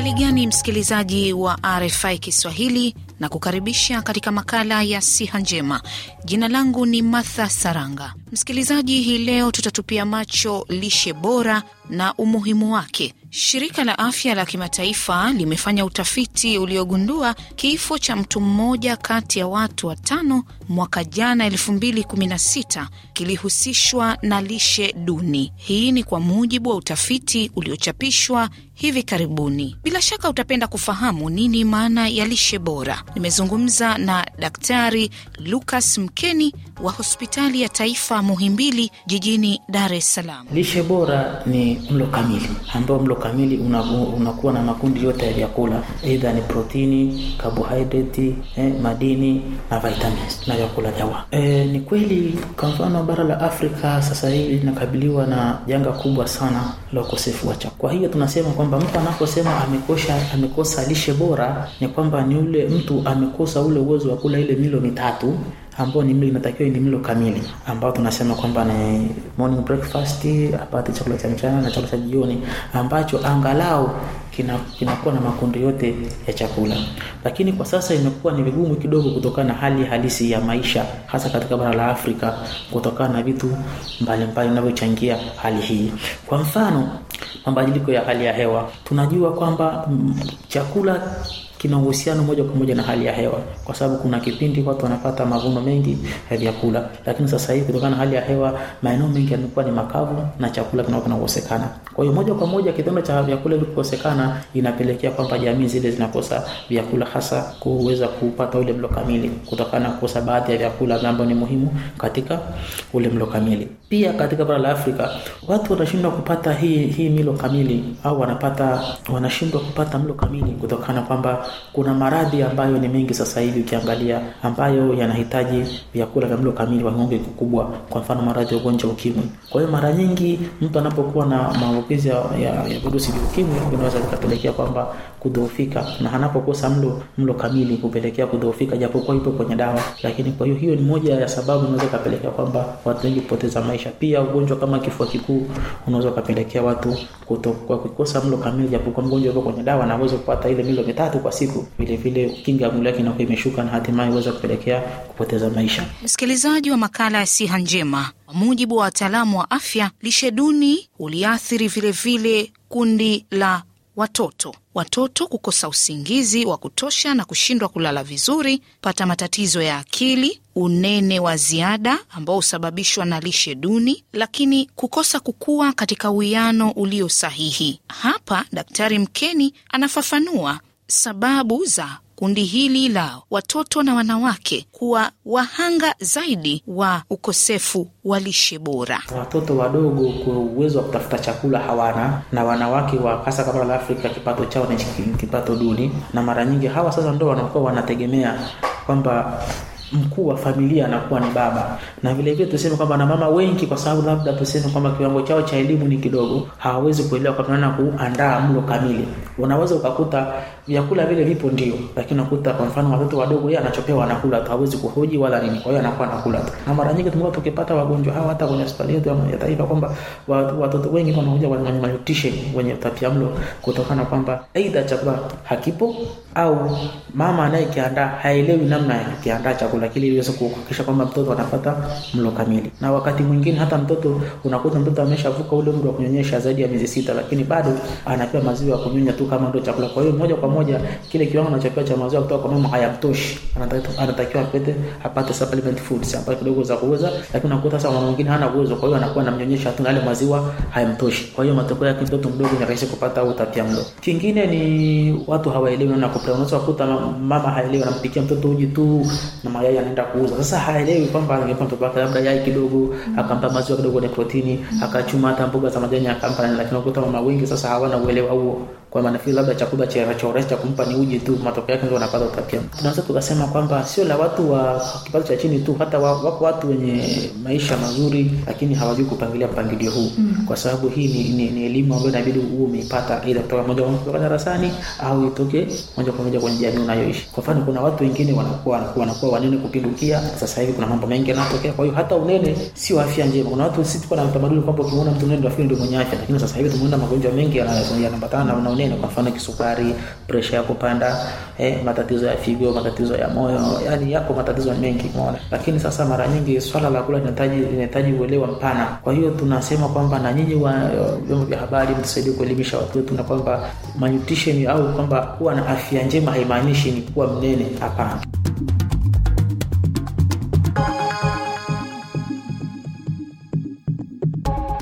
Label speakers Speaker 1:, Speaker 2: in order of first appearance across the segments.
Speaker 1: Hali gani msikilizaji wa RFI Kiswahili, na kukaribisha katika makala ya siha njema. Jina langu ni Martha Saranga. Msikilizaji, hii leo tutatupia macho lishe bora na umuhimu wake. Shirika la afya la kimataifa limefanya utafiti uliogundua kifo cha mtu mmoja kati ya watu watano mwaka jana 2016 kilihusishwa na lishe duni. Hii ni kwa mujibu wa utafiti uliochapishwa hivi karibuni. Bila shaka utapenda kufahamu nini maana ya lishe bora. Nimezungumza na Daktari Lucas Mkeni wa hospitali ya taifa Muhimbili jijini Dar es Salaam.
Speaker 2: Lishe bora ni mlo kamili, ambao mlo kamili unakuwa una na makundi yote ya vyakula, aidha ni protini, carbohydrate, eh, madini na vitamins na vyakula vyawa. Eh, ni kweli kwa mfano bara la Afrika sasa hivi linakabiliwa na janga kubwa sana la ukosefu wa chakula, kwa hiyo tunasema kwamba kwamba mtu anaposema amekosa, amekosa lishe bora ni kwamba ni ule mtu amekosa ule uwezo wa kula ile milo mitatu ambayo ni mlo inatakiwa ni mlo kamili ambao tunasema kwamba ni morning breakfast, apate chakula cha mchana na chakula cha jioni ambacho angalau kinakuwa kina na makundi yote ya chakula, lakini kwa sasa imekuwa ni vigumu kidogo kutokana na hali halisi ya maisha, hasa katika bara la Afrika, kutokana na vitu mbalimbali vinavyochangia hali hii. Kwa mfano mabadiliko ya hali ya hewa. Tunajua kwamba mm, chakula kina uhusiano moja kwa moja na hali ya hewa, kwa sababu kuna kipindi watu wanapata mavuno mengi ya vyakula, lakini sasa hivi kutokana na hali ya hewa maeneo mengi yamekuwa ni makavu na chakula kinakuwa kinakosekana. Kwa hiyo moja kwa moja kidonda cha vyakula vikosekana inapelekea kwamba jamii zile zinakosa vyakula, hasa kuweza kupata ule mlo kamili, kutokana na kukosa baadhi ya vyakula ambavyo ni muhimu katika ule mlo kamili. Pia katika bara la Afrika watu wanashindwa kupata hii hii milo kamili, au wanapata wanashindwa kupata mlo kamili kutokana kwamba kuna maradhi ambayo ni mengi sasa hivi ukiangalia, ambayo yanahitaji vyakula vya mlo kamili wa kiwango kikubwa, kwa mfano maradhi ya ugonjwa ukimwi. Kwa hiyo mara nyingi mtu anapokuwa na maambukizi ya, ya, virusi vya ukimwi vinaweza vikapelekea kwamba kudhoofika, na anapokosa mlo mlo kamili kupelekea kudhoofika, japokuwa ipo kwenye dawa. Lakini kwa hiyo hiyo ni moja ya sababu inaweza kapelekea kwamba watu wengi kupoteza maisha. Pia ugonjwa kama kifua kikuu unaweza kupelekea watu kutokuwa kukosa mlo kamili, japokuwa mgonjwa yuko kwenye dawa na uwezo kupata ile milo mitatu kwa siku, vile vile kinga ya mwili yake inakuwa imeshuka na hatimaye uwezo kupelekea kupoteza maisha.
Speaker 1: Msikilizaji wa makala ya Siha Njema, kwa mujibu wa wataalamu wa afya, lishe duni huliathiri vilevile kundi la watoto watoto kukosa usingizi wa kutosha na kushindwa kulala vizuri, pata matatizo ya akili, unene wa ziada ambao husababishwa na lishe duni, lakini kukosa kukua katika uwiano ulio sahihi. Hapa Daktari Mkeni anafafanua sababu za kundi hili la watoto na wanawake kuwa wahanga zaidi wa ukosefu wa lishe bora.
Speaker 2: Watoto wadogo kwa uwezo wa kutafuta chakula hawana, na wanawake wa hasa kabara la Afrika kipato chao ni kipato duni, na mara nyingi hawa sasa ndo wanakuwa wanategemea kwamba mkuu wa familia anakuwa ni baba na vile vile tuseme kwamba na mama wengi kwa sababu labda tuseme kwamba kiwango chao cha elimu ni kidogo hawawezi kuelewa kwa maana kuandaa mlo kamili unaweza ukakuta vyakula vile vipo ndio lakini unakuta kwa mfano watoto wadogo yeye anachopewa anakula tu hawezi kuhoji wala nini kwa hiyo anakuwa anakula tu na mara nyingi tumekuwa tukipata wagonjwa hawa hata kwenye hospitali yetu ya taifa kwamba watoto wengi wanakuja wenye malnutrition wenye mlo kutokana kwamba aidha chakula hakipo au mama anayekiandaa haelewi namna ya kiandaa chakula lakini iliweza kuhakikisha kwamba mtoto anapata mlo kamili. Na wakati mwingine hata mtoto unakuta mtoto ameshavuka ule umri wa kunyonyesha zaidi ya miezi sita, lakini bado anapewa maziwa ya kunyonya tu kama ndio chakula. Kwa hiyo moja kwa moja kile kiwango anachopewa cha maziwa kutoka kwa mama hayamtoshi, anatakiwa apate apate supplement foods ambazo kidogo za kuweza, lakini unakuta sasa mama mwingine hana uwezo, kwa hiyo anakuwa anamnyonyesha tu ile maziwa hayamtoshi. Kwa hiyo matokeo yake mtoto mdogo ni rahisi kupata utapiamlo. Kingine ni watu hawaelewi na kupewa, unaweza kukuta mama haelewi, anampikia mtoto uji tu na mayai yai anaenda kuuza. Sasa haelewi kwamba angempa mtoto wake labda yai kidogo, akampa maziwa kidogo na protini, akachuma hata mboga za majani akampa, lakini unakuta mama wengi sasa hawana uelewa huo kwa manafikiri labda chakula cha chores cha kumpa ni uji tu, matokeo yake ndio anapata utapiamlo. Tunaweza tukasema kwamba sio la watu wa kipato cha chini tu, hata wa, wako watu wenye maisha mazuri lakini hawajui kupangilia mpangilio huu mm. kwa sababu hii ni, ni, ni elimu ambayo inabidi uwe umeipata ila kutoka moja kwa moja darasani au itoke moja kwa moja kwenye jamii unayoishi. Kwa mfano, kuna watu wengine wanakuwa wanakuwa wanene kupindukia. Sasa hivi kuna mambo mengi yanatokea, kwa hiyo hata unene sio afya njema. Kuna watu sisi tuko na mtamaduni kwamba ukimuona mtu unene ndio ndio mwenye afya, lakini sasa hivi tumeona magonjwa mengi yanaambatana na maneno, kwa mfano kisukari, presha ya kupanda eh, matatizo ya figo, matatizo ya moyo, yani yako matatizo mengi, umeona. Lakini sasa mara nyingi swala la kula linahitaji linahitaji uelewa mpana. Kwa hiyo tunasema kwamba na nyinyi wa vyombo vya habari mtusaidie kuelimisha watu wetu, na kwamba malnutrition au kwamba kuwa na afya njema haimaanishi ni kuwa mnene, hapana.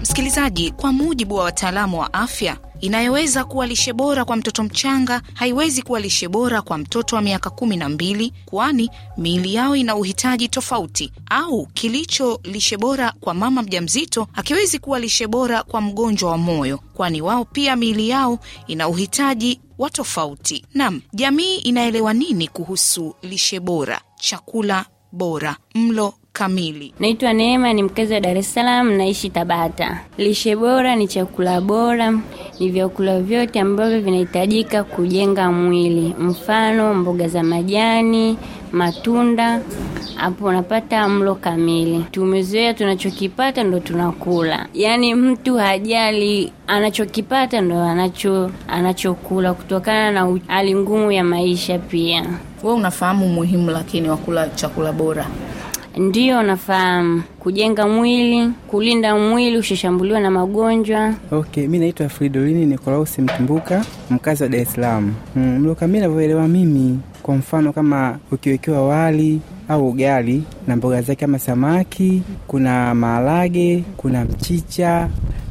Speaker 1: Msikilizaji, kwa mujibu wa wataalamu wa afya inayoweza kuwa lishe bora kwa mtoto mchanga haiwezi kuwa lishe bora kwa mtoto wa miaka kumi na mbili kwani miili yao ina uhitaji tofauti, au kilicho lishe bora kwa mama mjamzito hakiwezi kuwa lishe bora kwa mgonjwa wa moyo, kwani wao pia miili yao ina uhitaji wa tofauti. Nam, jamii inaelewa nini kuhusu lishe bora, chakula bora, mlo
Speaker 3: kamili. Naitwa Neema, ni mkezi wa dares salam naishi Tabata. Lishe bora ni chakula bora ni vyakula vyote ambavyo vinahitajika kujenga mwili, mfano mboga za majani, matunda. Hapo unapata mlo kamili. Tumezoea tunachokipata ndo tunakula, yaani mtu hajali anachokipata ndo anacho anachokula kutokana na hali ngumu ya maisha. Pia
Speaker 1: we unafahamu umuhimu lakini wa kula chakula bora ndio
Speaker 3: nafahamu kujenga mwili, kulinda mwili ushishambuliwa na magonjwa. ok mi naitwa Fridolini Nikolausi Mtumbuka, mkazi wa Dar es Mm, mi navyoelewa mimi, kwa mfano kama ukiwekewa wali au ugali na mboga zake kama samaki, kuna maarage kuna mchicha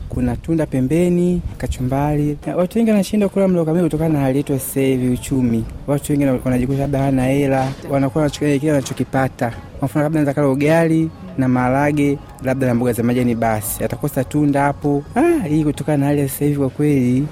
Speaker 3: kuna tunda pembeni, kachumbari. Watu wengi wanashinda kula mlo kutokana na hali yetu ya sasa hivi, uchumi. Watu wengi wanajikuta labda hana hela, wanakuwa kile wanachokipata. Kwa mfano labda naweza kala ugali na maharage labda na mboga za majani, basi atakosa tunda hapo. Ah, hii kutokana na hali ya sasahivi kwa kweli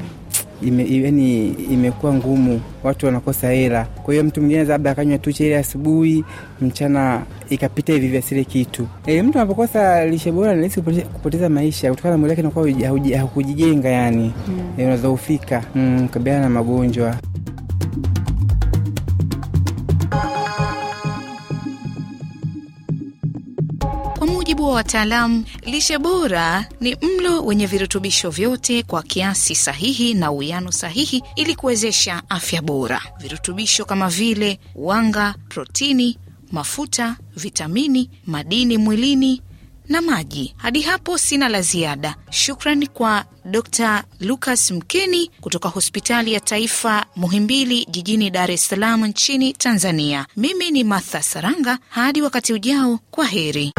Speaker 3: yaani ime, imekuwa ngumu, watu wanakosa hela. Kwa hiyo mtu mwingine labda akanywa tu chai asubuhi, mchana ikapita hivi vyasile kitu e, mtu anapokosa lishe bora nahisi kupoteza maisha kutokana na mwili wake hakujijenga, yani hmm. eh, unadhoofika mm, kabiana na magonjwa.
Speaker 1: wataalamu, lishe bora ni mlo wenye virutubisho vyote kwa kiasi sahihi na uwiano sahihi ili kuwezesha afya bora. Virutubisho kama vile wanga, protini, mafuta, vitamini, madini mwilini na maji. Hadi hapo sina la ziada. Shukran kwa Dr. Lucas Mkeni kutoka hospitali ya taifa Muhimbili jijini Dar es Salaam nchini Tanzania. Mimi ni Martha Saranga, hadi wakati ujao, kwa heri.